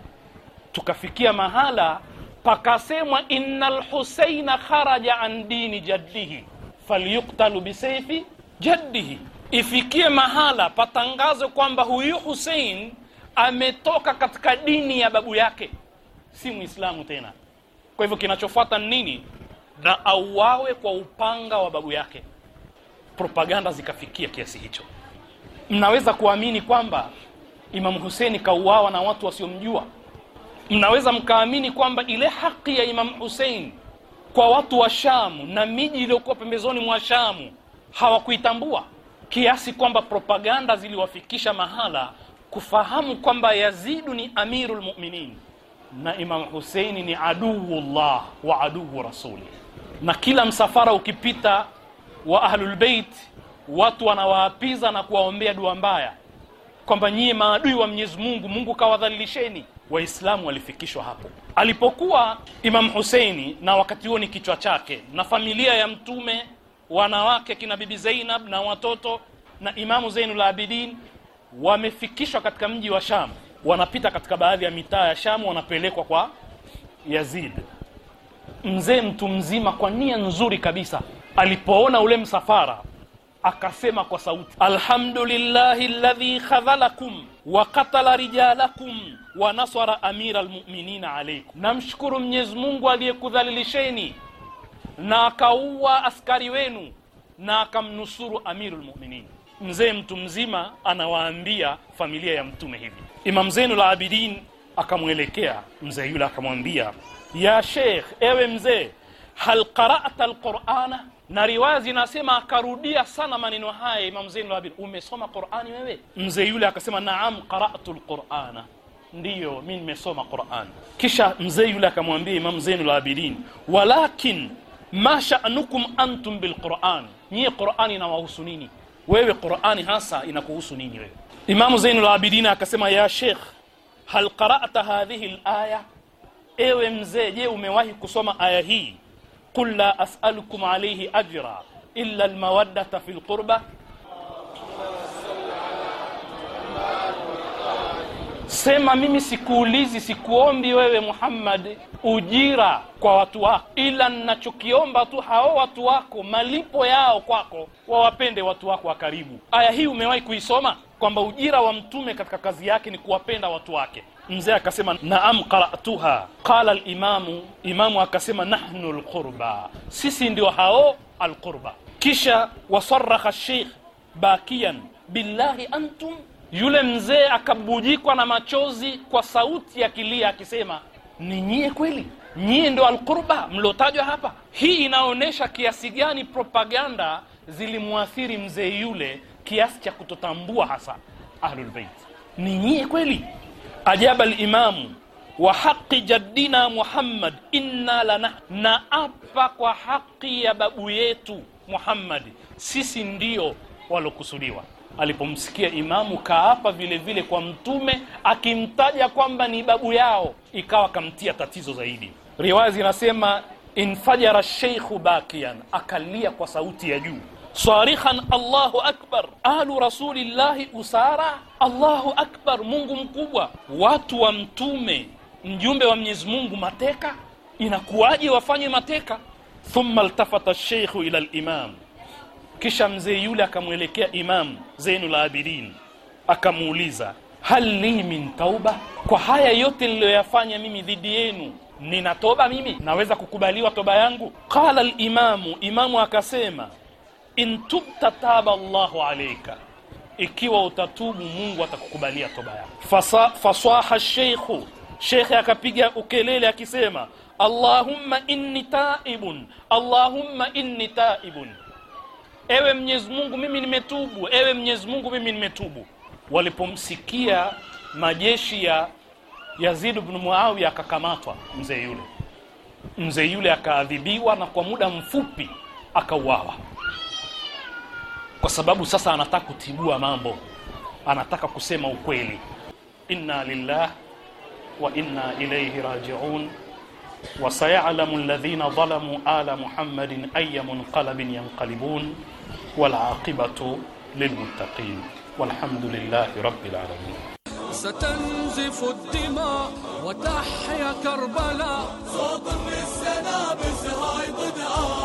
tukafikia mahala pakasemwa, innal husaina kharaja an dini jaddihi falyuktalu bisaifi jaddihi, ifikie mahala patangazwe kwamba huyu husein ametoka katika dini ya babu yake, si mwislamu tena. Kwa hivyo kinachofuata nini? Na auawe kwa upanga wa babu yake propaganda zikafikia kiasi hicho mnaweza kuamini kwamba Imam Huseni kauawa na watu wasiomjua mnaweza mkaamini kwamba ile haki ya Imam husein kwa watu wa Shamu na miji iliyokuwa pembezoni mwa Shamu hawakuitambua kiasi kwamba propaganda ziliwafikisha mahala kufahamu kwamba Yazidu ni amiru lmuminin na Imam Huseini ni llah wa aduwu rasuli, na kila msafara ukipita wa ahlulbeit watu wanawaapiza na kuwaombea dua mbaya kwamba nyie maadui wa mwenyezi mungu mungu kawadhalilisheni waislamu walifikishwa hapo alipokuwa imam huseini na wakati huo ni kichwa chake na familia ya mtume wanawake kina bibi zainab na watoto na imamu zeinulabidin wamefikishwa katika mji wa shamu wanapita katika baadhi ya mitaa ya shamu wanapelekwa kwa yazid mzee mtu mzima kwa nia nzuri kabisa alipoona ule msafara akasema kwa sauti, alhamdulillahi ladhi khadhalakum wa katala rijalakum wa nasara amira lmuminina alaikum, namshukuru Mwenyezi Mungu aliyekudhalilisheni na akaua askari wenu na akamnusuru amiru mu'minin. Mzee mtu mzima anawaambia familia ya mtume hivi. Imam Zainul Abidin akamwelekea mzee yule akamwambia, ya sheikh, ewe mzee, hal qara'ta alqur'ana na riwaya zinasema akarudia sana maneno haya Imam Zainul Abidin, umesoma Qur'ani wewe? Mzee yule akasema naam, qara'tu al-Qur'ana, ndiyo mimi nimesoma Qur'an. Kisha mzee yule akamwambia Imam Zainul Abidin, walakin ma sha'nukum antum bilquran, nyie Qur'ani inawahusu nini? Wewe Qur'ani hasa inakuhusu nini wewe? Imam Zainul Abidin akasema ya Sheikh, hal qara'ta hadhihi al-aya, ewe mzee, je umewahi kusoma aya hii قل لا أسألكم عليه أجرا إلا المودة في القربة sema mimi sikuulizi sikuombi wewe Muhammad ujira kwa watu wako, ila ninachokiomba tu hao watu wako malipo yao kwako, wawapende watu wako wa karibu. Aya hii umewahi kuisoma kwamba ujira wa mtume katika kazi yake ni kuwapenda watu wake? Mzee akasema naam, qara'tuha. Qala al-imamu, akasema nahnu al-qurba, sisi ndio hao al-qurba. Kisha wasaraha sheikh bakian billahi antum yule mzee akabujikwa na machozi kwa sauti ya kilia akisema, ni nyie kweli? Nyie ndo Alqurba mliotajwa hapa? Hii inaonyesha kiasi gani propaganda zilimwathiri mzee yule kiasi cha kutotambua hasa Ahlulbeit. Ni nyie kweli? Ajaba limamu wa haqi jaddina Muhammad inna lana, na apa kwa haqi ya babu yetu Muhammad, sisi ndio walokusudiwa alipomsikia imamu kaapa vile vile kwa mtume akimtaja kwamba ni babu yao, ikawa kamtia tatizo zaidi. Riwaya zinasema infajara sheikhu bakian, akalia kwa sauti ya juu sarihan Allahu akbar, ahlu rasulillahi usara, Allahu akbar, Mungu mkubwa, watu wa mtume, mjumbe wa Mwenyezi Mungu mateka, inakuwaje wafanye mateka? Thumma ltafata sheikhu ila limam kisha mzee yule akamwelekea Imam Zainul Abidin akamuuliza hal li min tauba, kwa haya yote niliyoyafanya mimi dhidi yenu nina toba mimi, naweza kukubaliwa toba yangu? Qala limamu, imamu akasema in tubta taba llahu alaika, ikiwa utatubu Mungu atakukubalia toba yako. Fasaha sheikhu, shekhe akapiga ukelele akisema allahumma inni taibun, allahumma inni taibun ewe mwenyezi mungu mimi nimetubu ewe mwenyezi mungu mimi nimetubu walipomsikia majeshi ya yazid bnu muawiya akakamatwa mzee yule mzee yule akaadhibiwa na kwa muda mfupi akauawa kwa sababu sasa anataka kutibua mambo anataka kusema ukweli inna lillah wa inna ilaihi rajiun وسيعلم الذين ظلموا آل محمد أي منقلب ينقلبون والعاقبة للمتقين والحمد لله رب العالمين ستنزف الدماء وتحيا كربلاء صوت من السنابس هاي ضد آه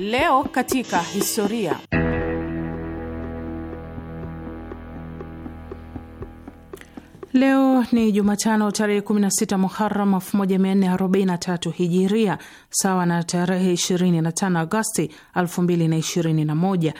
Leo katika historia. Leo ni Jumatano tarehe 16 Muharam 1443 Hijiria, sawa na tarehe 25 Agosti 2021.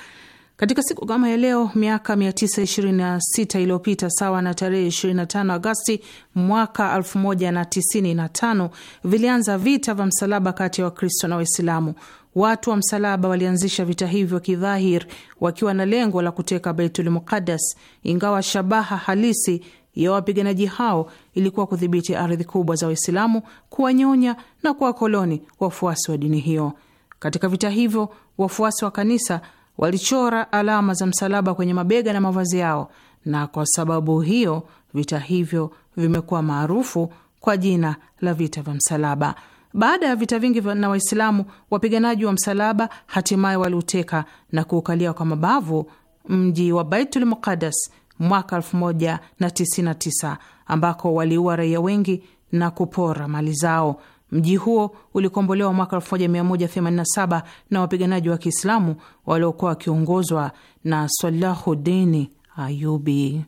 Katika siku kama ya leo miaka 926 iliyopita sawa na tarehe 25 Agasti mwaka 1095 vilianza vita vya msalaba kati ya Wakristo na Waislamu. Watu wa msalaba walianzisha vita hivyo kidhahir, wakiwa na lengo la kuteka Baitul Muqaddas, ingawa shabaha halisi ya wapiganaji hao ilikuwa kudhibiti ardhi kubwa za Waislamu, kuwanyonya na kuwakoloni wafuasi wa dini hiyo. Katika vita hivyo, wafuasi wa kanisa walichora alama za msalaba kwenye mabega na mavazi yao, na kwa sababu hiyo vita hivyo vimekuwa maarufu kwa jina la vita vya msalaba. Baada ya vita vingi na Waislamu, wapiganaji wa msalaba hatimaye waliuteka na kuukalia kwa mabavu mji wa Baitul Muqaddas mwaka 1099 ambako waliua raia wengi na kupora mali zao. Mji huo ulikombolewa mwaka 1187 na wapiganaji wa Kiislamu waliokuwa wakiongozwa na Salahudini Ayubi.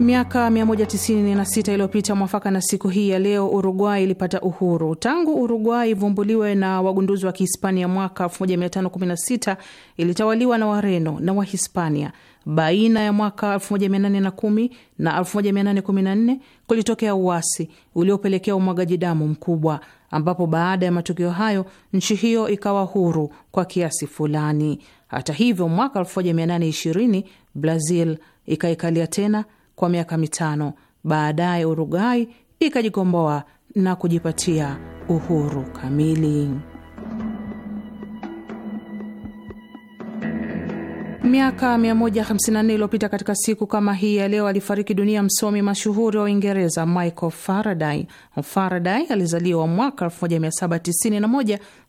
Miaka 196 iliyopita mwafaka na siku hii ya leo, Uruguay ilipata uhuru. Tangu Uruguay ivumbuliwe na wagunduzi wa Kihispania mwaka 1516 ilitawaliwa na Wareno na Wahispania. Baina ya mwaka 1810 na 1814 kulitokea uasi uliopelekea umwagaji damu mkubwa, ambapo baada ya matukio hayo nchi hiyo ikawa huru kwa kiasi fulani. Hata hivyo, mwaka 1820 Brazil ikaikalia tena kwa miaka mitano. Baadaye Uruguay ikajikomboa na kujipatia uhuru kamili. Miaka 154 iliyopita katika siku kama hii ya leo alifariki dunia msomi mashuhuri wa Uingereza Michael Faraday. Faraday alizaliwa mwaka 1791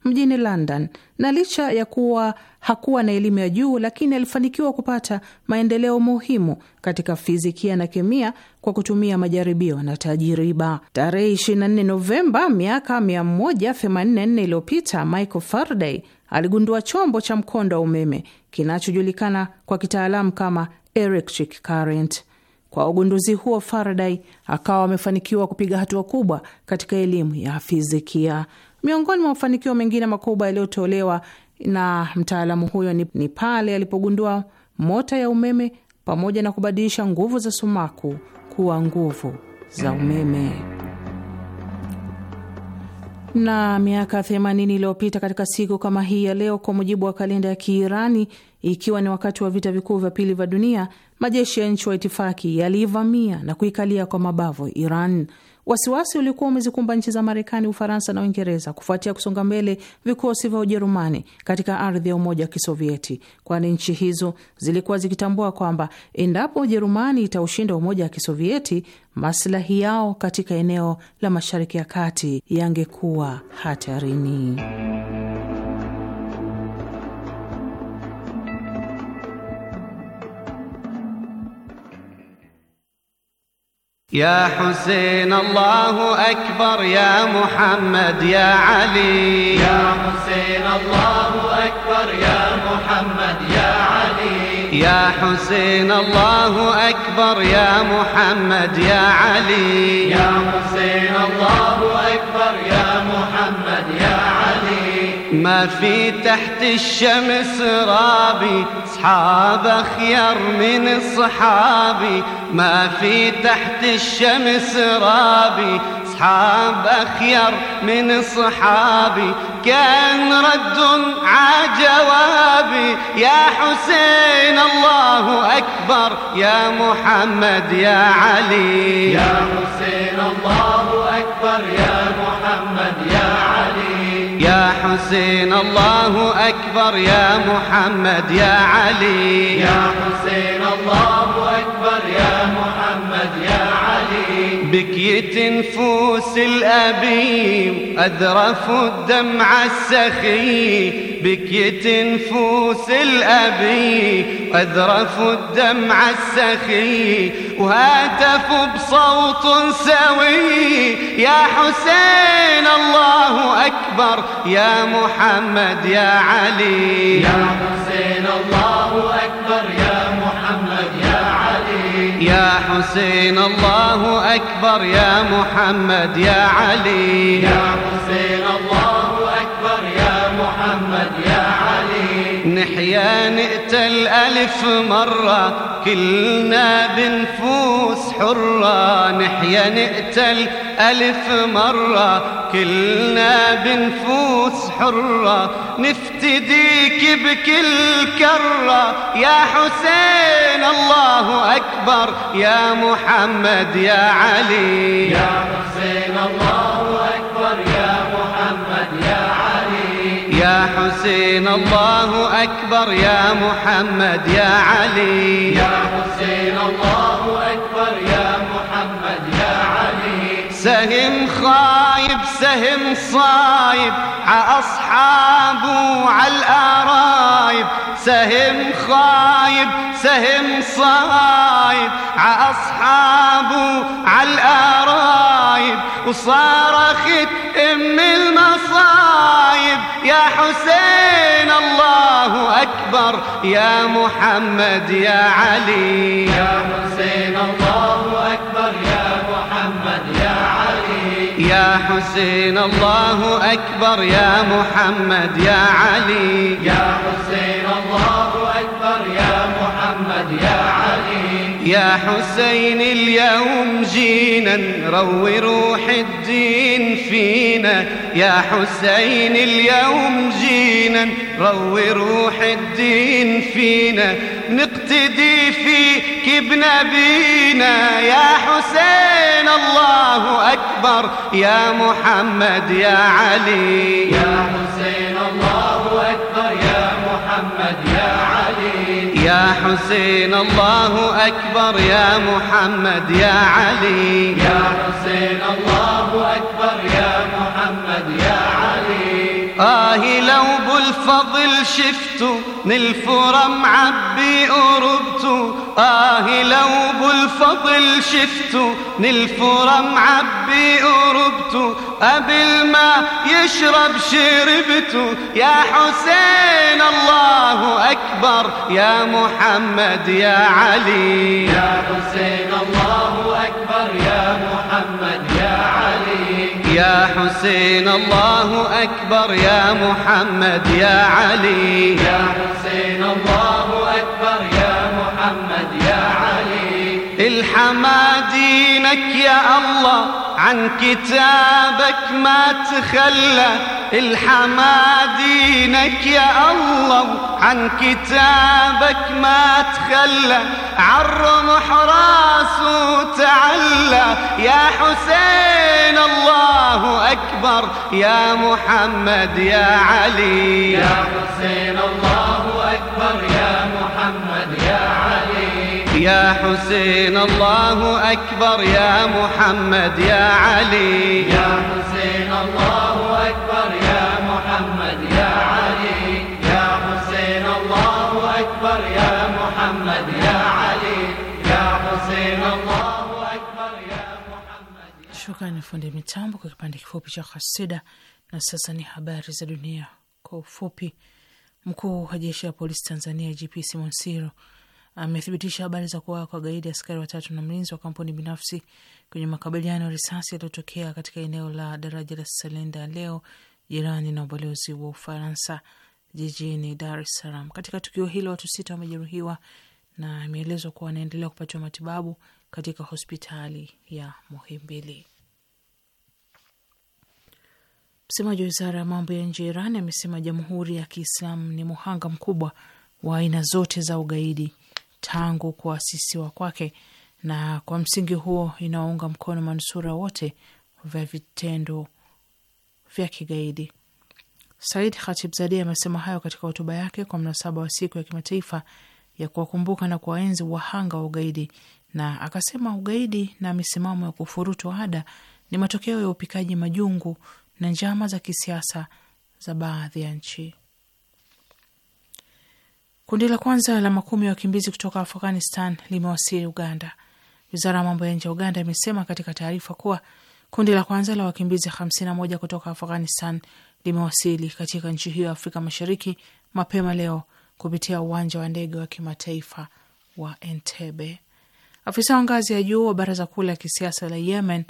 mjini London, na licha ya kuwa hakuwa na elimu ya juu, lakini alifanikiwa kupata maendeleo muhimu katika fizikia na kemia kwa kutumia majaribio na tajiriba. Tarehe 24 Novemba miaka 184 iliyopita Michael Faraday aligundua chombo cha mkondo wa umeme kinachojulikana kwa kitaalamu kama electric current. Kwa ugunduzi huo, Faraday akawa amefanikiwa kupiga hatua kubwa katika elimu ya fizikia. Miongoni mwa mafanikio mengine makubwa yaliyotolewa na mtaalamu huyo ni, ni pale alipogundua mota ya umeme pamoja na kubadilisha nguvu za sumaku kuwa nguvu za umeme. Na miaka 80 iliyopita katika siku kama hii ya leo, kwa mujibu wa kalenda ya Kiirani, ikiwa ni wakati wa vita vikuu vya pili vya dunia, majeshi ya nchi wa itifaki yaliivamia na kuikalia kwa mabavu Iran. Wasiwasi ulikuwa umezikumba nchi za Marekani, Ufaransa na Uingereza kufuatia kusonga mbele vikosi vya Ujerumani katika ardhi ya Umoja wa Kisovieti, kwani nchi hizo zilikuwa zikitambua kwamba endapo Ujerumani itaushinda Umoja wa Kisovieti, maslahi yao katika eneo la Mashariki ya Kati yangekuwa hatarini. يا حسين الله أكبر يا محمد يا علي يا حسين الله أكبر يا محمد يا علي يا حسين الله أكبر يا محمد يا علي يا حسين الله أكبر يا محمد يا علي ما في تحت الشمس رابي صحاب خير من صحابي ما في تحت الشمس رابي صحاب أخير من صحابي كان رد ع جوابي يا حسين الله أكبر يا محمد يا علي يا حسين الله أكبر يا محمد يا علي يا حسين الله أكبر يا محمد يا علي يا حسين الله أكبر يا محمد يا علي بكيت نفوس الأبي أذرف الدمع السخي بكيت نفوس الأبي أذرف الدمع السخي وهاتف بصوت سوي يا حسين الله أكبر يا محمد يا علي يا حسين الله أكبر يا محمد يا علي يا حسين الله أكبر يا محمد يا علي يا حسين الله نحيا نقتل الألف مرة كلنا بنفوس حرة نحيا نقتل ألف مرة كلنا بنفوس حرة نفتديك بكل كرة يا حسين الله أكبر يا محمد يا علي يا حسين الله أكبر يا حسين الله أكبر يا محمد يا علي يا حسين الله أكبر يا سهم خايب سهم صايب ع أصحابه سهم خايب سهم صايب ع أصحابه وصارخت أم المصايب يا حسين الله أكبر يا محمد يا علي يا حسين الله يا حسين الله أكبر يا محمد يا علي يا حسين الله أكبر يا محمد يا علي يا حسين اليوم جينا روي روح الدين فينا يا حسين اليوم جينا روي روح الدين فينا نقتدي فيك بنبينا يا حسين الله أكبر يا محمد يا علي يا حسين الله أكبر يا محمد يا علي يا حسين الله أكبر يا محمد يا علي يا حسين الله أكبر يا محمد يا علي آه لو بالفضل شفت الفرى معبي أربت آه لو بالفضل شفت الفرى معبي أربت قبل ما يشرب شربت يا حسين الله أكبر يا محمد يا علي يا حسين الله أكبر يا محمد حسين الله أكبر يا محمد يا علي يا حسين الله أكبر يا الحما دينك يا الله عن كتابك ما تخلى الحما دينك يا الله عن كتابك ما تخلى عرم حراس وتعلى يا حسين الله أكبر يا محمد يا علي يا حسين الله أكبر يا يا حسين الله أكبر يا محمد يا علي يا حسين الله أكبر يا محمد يا علي يا حسين الله أكبر يا محمد يا علي يا حسين الله أكبر يا محمد شكرا لفندي متامبو كبند كفوبي شخص سيدا نسسني حبار زدنيا كفوبي مكو هجيشة بوليس تنزانيا جي بي سيمون سيرو amethibitisha habari za kuwaa kwa gaidi askari watatu na mlinzi wa kampuni binafsi kwenye makabiliano ya risasi yaliyotokea katika eneo la daraja la Salenda leo jirani na ubalozi wa Ufaransa jijini Dar es Salaam. Katika tukio hilo watu sita wamejeruhiwa na imeelezwa kuwa wanaendelea kupatiwa matibabu katika hospitali ya Muhimbili. Msemaji wa wizara ya mambo ya nje ya Iran amesema jamhuri ya Kiislamu ni muhanga mkubwa wa aina zote za ugaidi tangu kuasisiwa kwake, na kwa msingi huo inawaunga mkono manusura wote vya vitendo vya kigaidi. Said zadi amesema hayo katika hotuba yake kwa mnasaba wa siku ya kimataifa ya kuwakumbuka na kuwaenzi wahanga wa ugaidi, na akasema ugaidi na misimamo ya kufurutu ada ni matokeo ya upikaji majungu na njama za kisiasa za baadhi ya nchi. Kundi la kwanza la makumi ya wakimbizi kutoka Afghanistan limewasili Uganda. Wizara ya mambo ya nje ya Uganda imesema katika taarifa kuwa kundi la kwanza la wakimbizi 51 kutoka Afghanistan limewasili katika nchi hiyo ya Afrika Mashariki mapema leo kupitia uwanja wa ndege wa kimataifa wa Entebbe. Afisa wa ngazi ya juu wa baraza kuu la kisiasa la Yemen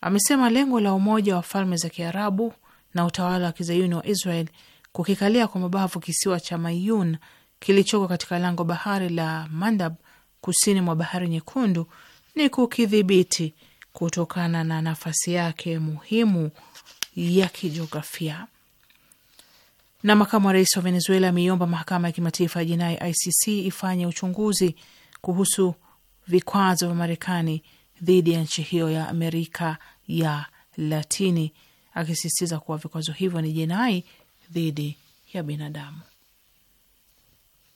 amesema lengo la Umoja wa Falme za Kiarabu na utawala wa kizayuni wa Israel kukikalia kwa mabavu kisiwa cha Mayun kilichoko katika lango bahari la Mandab kusini mwa bahari Nyekundu ni kukidhibiti kutokana na nafasi yake muhimu ya kijiografia. Na makamu wa rais wa Venezuela ameiomba mahakama ya kimataifa ya jinai ICC ifanye uchunguzi kuhusu vikwazo vya Marekani dhidi ya nchi hiyo ya Amerika ya Latini, akisisitiza kuwa vikwazo hivyo ni jinai dhidi ya binadamu.